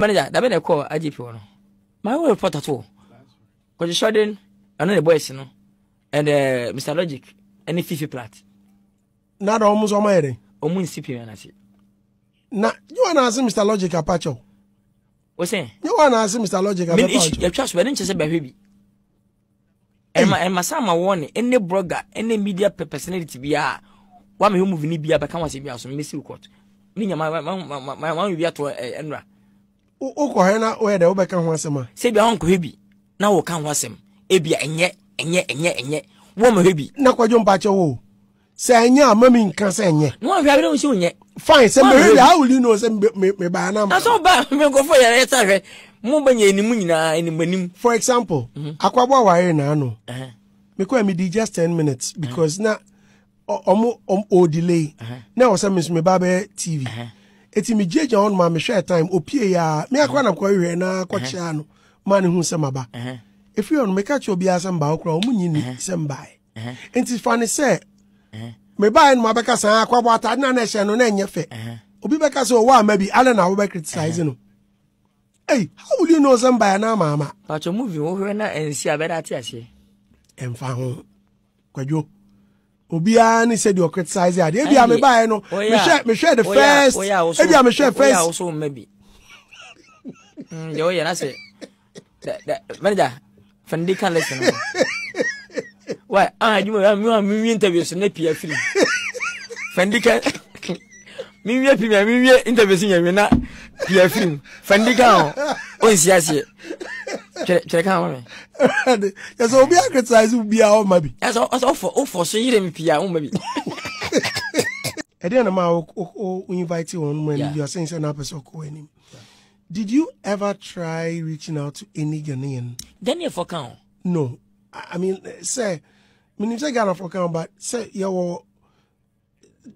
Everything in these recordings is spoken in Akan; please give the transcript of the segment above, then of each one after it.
manager dabe na ɛkɔ agp wɔ no maa wɔ report ato kɔgye sɔden ɛno ne boys no and uh, mr logic any fifi plat. na dɔn ɔmo nso ɔmo yɛ dɛ. ɔmo nsi pii ɛna se. na yi wa na ase mr logic apakyɛw. o sɛ. yi wa na ase mr logic apakyɛw. min issue yɛtwa so ɛne nkyɛn sɛ bɛhwɛ bi. ɛma ɛma sá ma wɔn ne ɛne blogger ɛne media personality bi a wa mi hɛ movie ni bi a bɛka wɔn ase bi a so mi si court mi nya ma ma ma ma ma ma ma ma ma ma ma ma ma ma ma wokɔhɛ na woyɛ dɛ wobɛka ho asɛm a wonkɔhɛ bi na woka ho asɛm ebia ɛnyɛ ɛnyɛ ɛnyɛ ɛnyɛ wɔmahɛ bi na kwadwo mpakyɛ wo sɛ ɛnyɛ a ma mi nka sɛ ɛnyɛ na wahwɛ abɛdɛ wo sɛ wonyɛ fine sɛ mehwɛ a woli no sɛ mebaa na ma asɛ woba menkɔfo yɛrɛ hwɛ mobɛnya nyinaa for example mhm. akwaboa just ten minutes because na ɔmo ɔdelay na ɛwɔ sɛ tv eti mi gye gya hɔnom a mehwɛ time opie ya me akora na kɔhwehwɛ na kɔkyea no ma ne hu sɛ maba ɛfiri hɔno meka kyerɛ obiara sɛ mba wo kora ɔmo nyi ni sɛ mbaeɛ enti fa ne sɛ mebaeɛ no mabɛka saa ah, akɔbɔ atade na na ɛhyɛ no na ɛnyɛ fɛ obi bɛka sɛ ɔwɔ ama bi ana na wobɛcriticise no ei how will you know sɛ mbaeɛ na amaama patwɔ na ɛnsi a bɛda ate aseɛ ɛmfa ho kwadwo obiara ne sɛ deɛ ɔcriticise adeɛ ebi a mebaeɛ no mehwɛ mehwɛ the first ebi a mehwɛ first. oya wosow mma bi mm, deɛ woyɛ na sɛ manager fɛnde kan lesson no wa ah adwuma mi wa mi wi interview so na pia firi fɛnde kan mi wi pia mi wi interview so nyɛ mi na pia firi fɛnde kan o o nsi aseɛ kyerɛ ka ma me yɛsɛ obi acriticise wo bia woma bi ɛsɛ wofɔ so yere me pii a woma bi ɛdeɛ nama a woinvite wɔ nom anim bi ɔsɛn sɛ na apɛ sɛ ɔkɔ anim did you ever try reaching out to any ghanaian daniel fɔ ka no i mean eh, sɛ menim sɛ ghana fɔ ka but sɛ yɛwɔ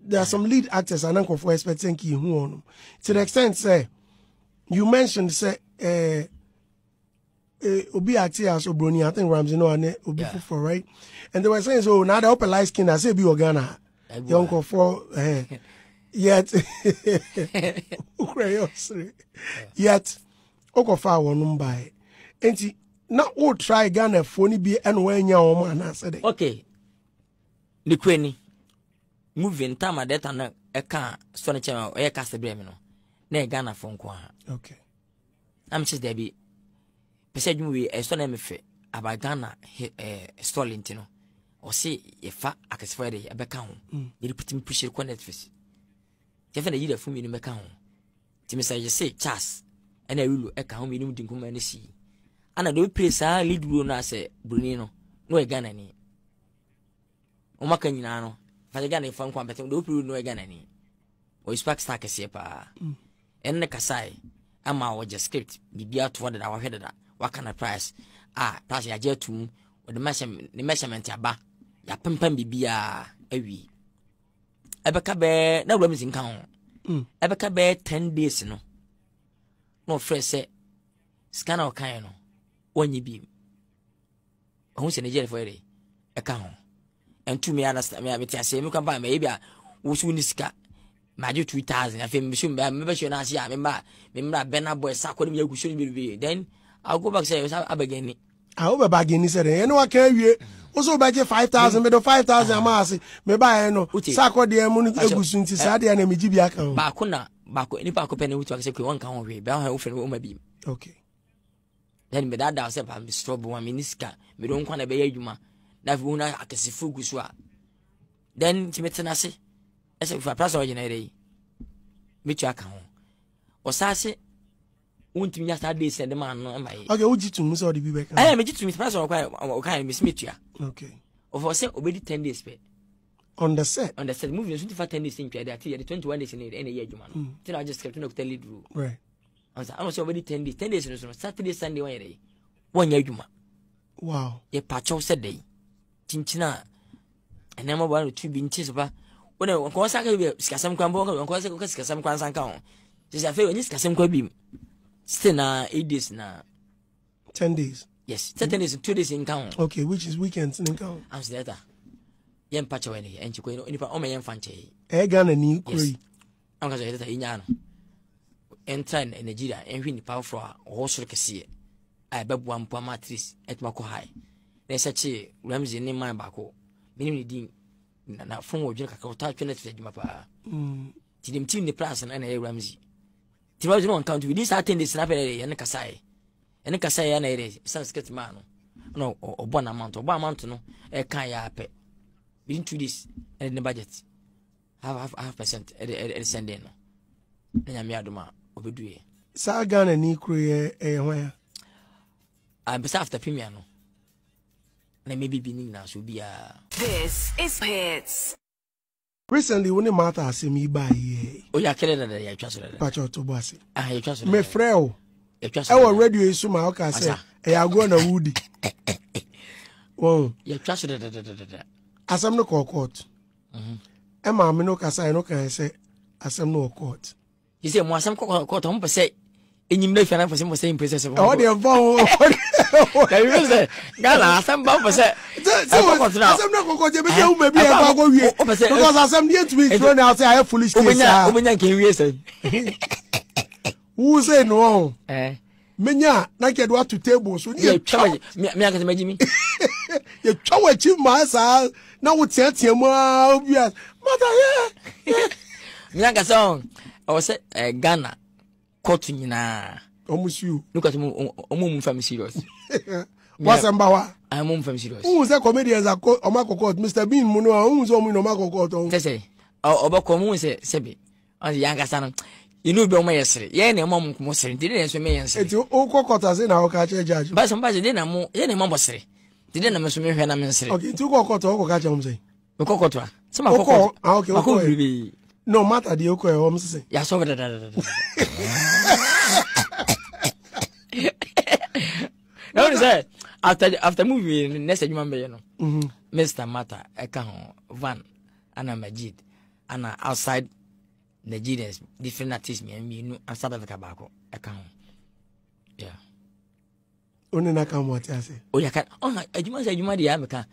there are some lead actors ana nkɔfoɔ expecting ka yɛhu wɔ nom to the extent sɛ you mentioned sɛ uh, Eh, obi ati as Obroni, I think Ramsey no and Obi yeah. for right? And they were saying so na they open light skin, I say be Ghana. Young for eh, yet yet Okofa mba buy. And na o try Ghana phone bi and when ya woman and answer Okay. Nikweni moving time at that and a uh, car sonny channel air cast the bremino. Ne Ghana phone ha Okay. I'm just there be pese adwuma wie ɛsɔ na mefɛ aba ghana stɔle nti no ɔse yɛfa akɛsefo yɛde ɛbɛka ho mm. yɛde pitimi pihyere kɔ netflix yɛfɛ na yiri afum yinum ɛka ho tìmí sɛ yɛse charles ɛna awilo ɛka ho yinum di nkuma ne sii ana deɛ opire saa lead role no asɛ buroni no na ɔyɛ ghana ni wɔn aka nyinaa no fàtɛ ghana yɛfa nkwa mpɛtɛ deɛ opire role ɔyɛ ghana ni ɔyɛ spark star kɛseɛ paa mm. ɛno ne kasaɛ ama wɔgye script biribi atoɔ dada wɔhwɛ dada waka na price a price yɛagye atom wɔde ne measurement aba yɛapempam biribiaa awie ɛbɛka bɛɛ na wura msi nka ho mm. ɛbɛka bɛɛ ten days no na ɔfrɛ sɛ sika na ɔkaeɛ no wɔnyɛ biem ɔho sɛ nigyerefoɔ yɛde ɛka ho ɛntumi mete aseɛ mekwa mpa mɛyɛ bi a wo so wo ne sika magye 2000 afei mbɛbɛhyɛ no ase a memba memmra bɛna bɔ ɛsa kɔ ne meyɛ agu so no bebree then agobak sɛ ɛsɛ abɛgɛni. a wobɛ bagɛni sɛ dɛ ɛne waka awie wo sɛ wobɛgye 5000 medɔ 5000 ama ase mebaɛ no sɛ akɔdeɛ mu no agu so nti saa deɛ na megye bi aka ho baako na baako nipa akɔpɛ na wotu akasɛ kwe wanka ho hwee bɛa ho wofrɛ no woma bi okay then medaadaa sɛ pa mesorɔ bo a mene sika mede wo nkwa na ɛbɛyɛ adwuma na afei wohunu akɛsefo gu so a then nti metena ase ɛsɛ fra pra sɛ ɔgyina yɛdɛ yi metua aka ho ɔsaa se wontumi nya saa days ɛde maa no ma ye. ok wogye tum sɛ ɔde bi bɛka. ɛyɛ megye tum sɛ ɔkɔ ɔkɔ ayɛ mesi metua. ok ɔfɔ sɛ obedi ten days pɛ. on the set. on the set movie nso ti fa ten days ntwa de ati yɛde twenty one days ɛna ɛyɛ adwuma no hmm. ti na ɔgye script na okuta lead role. right. ɔnsa ɔno sɛ obedi ten days ten days no so no saturday sunday wɔn yɛrɛ yi wɔn nyɛ adwuma. wow. yɛ pakyɛw sɛ dɛ yi kyinkyin a ɛnɛɛma bɔ ano tu bi nti so pa wɔn nkɔɔ sa ka bi sikasɛm kwan bɔ wɔn kɔ sikasɛm kwan san ka ho sisi afei wɔn nye sikasɛm kwan bi mu. Still now eight days now. ten days. yes ten days two days in town. okay which is weekends in town. amsterdam yɛn mpa kyɛw ɛni ɛnkyɛ i am ɔmɛ yɛn fa nkyɛn. ɛyɛ ghana ni kuro yi. an ka sɔrɔ yɛrɛ ta yɛn nyaano ɛntra nigeria i nipa foforɔ a ɔwɔ soro kɛseɛ a i am ama atris ɛtuma kɔ hae na ɛsɛ kye ramsey ne man baako menim ne din na fom wɔ dwene kakra ɔtaa twɛ no tiri adwuma paa nti mm. dem tim ne plas no ɛna ɛyɛ ramsey tibabu jumɛn kan tubi lisa ten de sina bɛrɛ yanni kasa ye yanni kasa ye yanni yɛrɛ san sikɛti maa no ɛna o bɔ na manto no ɛ kan y'a pɛ within two days ɛna ne budget half half half percent ɛde ɛde ɛde sɛn den no ne nyamea dum a o du yɛ. saa ghana ni kuro yɛ ɛyɛ hɔn ya. a bɛ se after premier no na mɛ bibi ne nyinaa so biara. this is Pets recently wo ne martha asɛm yi baa yɛ oyɛ akɛlɛ dada yɛatwa so dada pakyɛ ɔto bɔ ase yɛtwa so mefrɛ wo ɛwɔ radio yi so ma woka sɛ ɛyɛ agorɔ na wodi yɛtwa so dadadadada asɛm no kɔɔ court ɛma me no wokasaɛ no kaɛ sɛ asɛm no wɔ court ɛsɛ mu asɛm kɔkɔ court ɔmpɛ sɛ enyim na fiana fɔsɛ mɔsɛ impɛ sɛ sɛ ɔ deɛ bɔ o na bi sɛ gana asɛm ba fɔ sɛ ɛkɔ kɔtena asɛm na kɔkɔ jɛ bɛ kɛ wuma bi ɛkɔ akɔ wie because asɛm ni etumi turo na ase ayɛ foolish things saa wobɛnya nkɛ wie sɛ wu sɛ no ɔ menya na kɛ do ato table so ni yɛtwa meyakasɛ magyi mi yɛtwa wɔ akyi maa saa na wo teatea mu a obi a mata yɛ meyakasɛ ɔ ɛwɔ sɛ ghana court nyinaa ɔmo n'o serious serious comedians court mr bean na court ɔmo. sɛsɛ ɔbɛkɔ ọmụ. sɛ sɛbi mụ sɛ yankasa no inú bí ọmọ yẹ sere yẹ na ọmọ nkùmọ na ẹ mụ mi yẹ nsere. kọ kọta sí na ọkà mụ jaaji. báyìí sọmọ báyìí dídé na mo bọ no mata deɛ wokɔ ɛhɔ m sese yɛasɔbe na is that? after after movie next adwuma mbɛyɛ no Mister. mata ɛka ho van ana majid ana outside nigerians different artists Me mmienu and south africa baako ɛka ho yeah one na ka mo ate ase Oh yaka ɔn adwuma sɛ adwuma deɛ ameka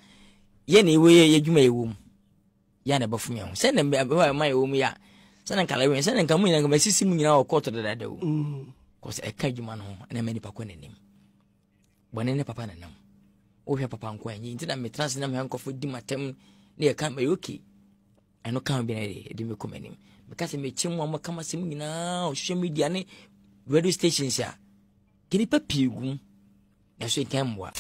meka. na ewe yɛ adwuma yɛ wɔ mu yɛ bafu mi ho sɛ na ɛbɛwa ma yɛ wɔ mu ya a sɛ na nkala wɛn sɛ na nkamu nyinaa nkama sisi mu nyinaa wɔ kɔɔtɔ dadaada o kɔsɛ ɛka adwuma no ne oh, me ɛma pa kɔ nim bɔnne ne papa nam wo wohwɛ papa nko anyi nti na metra se na mehɛ nkɔfo di matem ne yɛka ma yɛ okay ɛno ka bi na yɛ de mekɔ m'anim meka sɛ mekyɛ mu a maka masɛm nyinaa social media ne radio stations a kini pa pigu na so ɛka mmoa